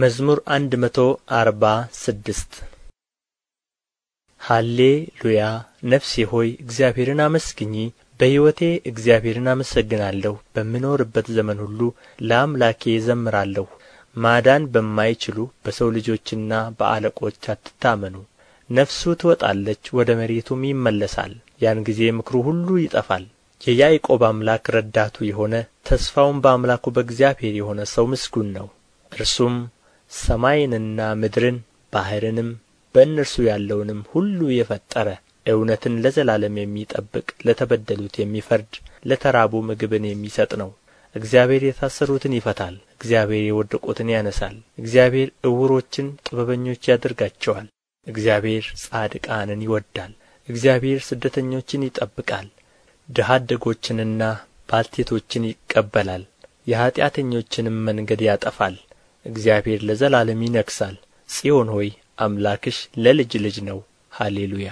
መዝሙር አንድ መቶ አርባ ስድስት ሃሌ ሉያ ነፍሴ ሆይ እግዚአብሔርን አመስግኚ። በሕይወቴ እግዚአብሔርን አመሰግናለሁ፣ በምኖርበት ዘመን ሁሉ ለአምላኬ ዘምራለሁ። ማዳን በማይችሉ በሰው ልጆችና በአለቆች አትታመኑ። ነፍሱ ትወጣለች፣ ወደ መሬቱም ይመለሳል። ያን ጊዜ ምክሩ ሁሉ ይጠፋል። የያዕቆብ አምላክ ረዳቱ የሆነ ተስፋውም በአምላኩ በእግዚአብሔር የሆነ ሰው ምስጉን ነው። እርሱም ሰማይንና ምድርን ባሕርንም በእነርሱ ያለውንም ሁሉ የፈጠረ እውነትን ለዘላለም የሚጠብቅ ለተበደሉት የሚፈርድ ለተራቡ ምግብን የሚሰጥ ነው እግዚአብሔር የታሰሩትን ይፈታል እግዚአብሔር የወደቁትን ያነሣል እግዚአብሔር ዕውሮችን ጥበበኞች ያደርጋቸዋል እግዚአብሔር ጻድቃንን ይወዳል እግዚአብሔር ስደተኞችን ይጠብቃል ድሀ አደጎችንና ባልቴቶችን ይቀበላል የኀጢአተኞችንም መንገድ ያጠፋል እግዚአብሔር ለዘላለም ይነግሣል ጽዮን ሆይ አምላክሽ ለልጅ ልጅ ነው ሃሌ ሉያ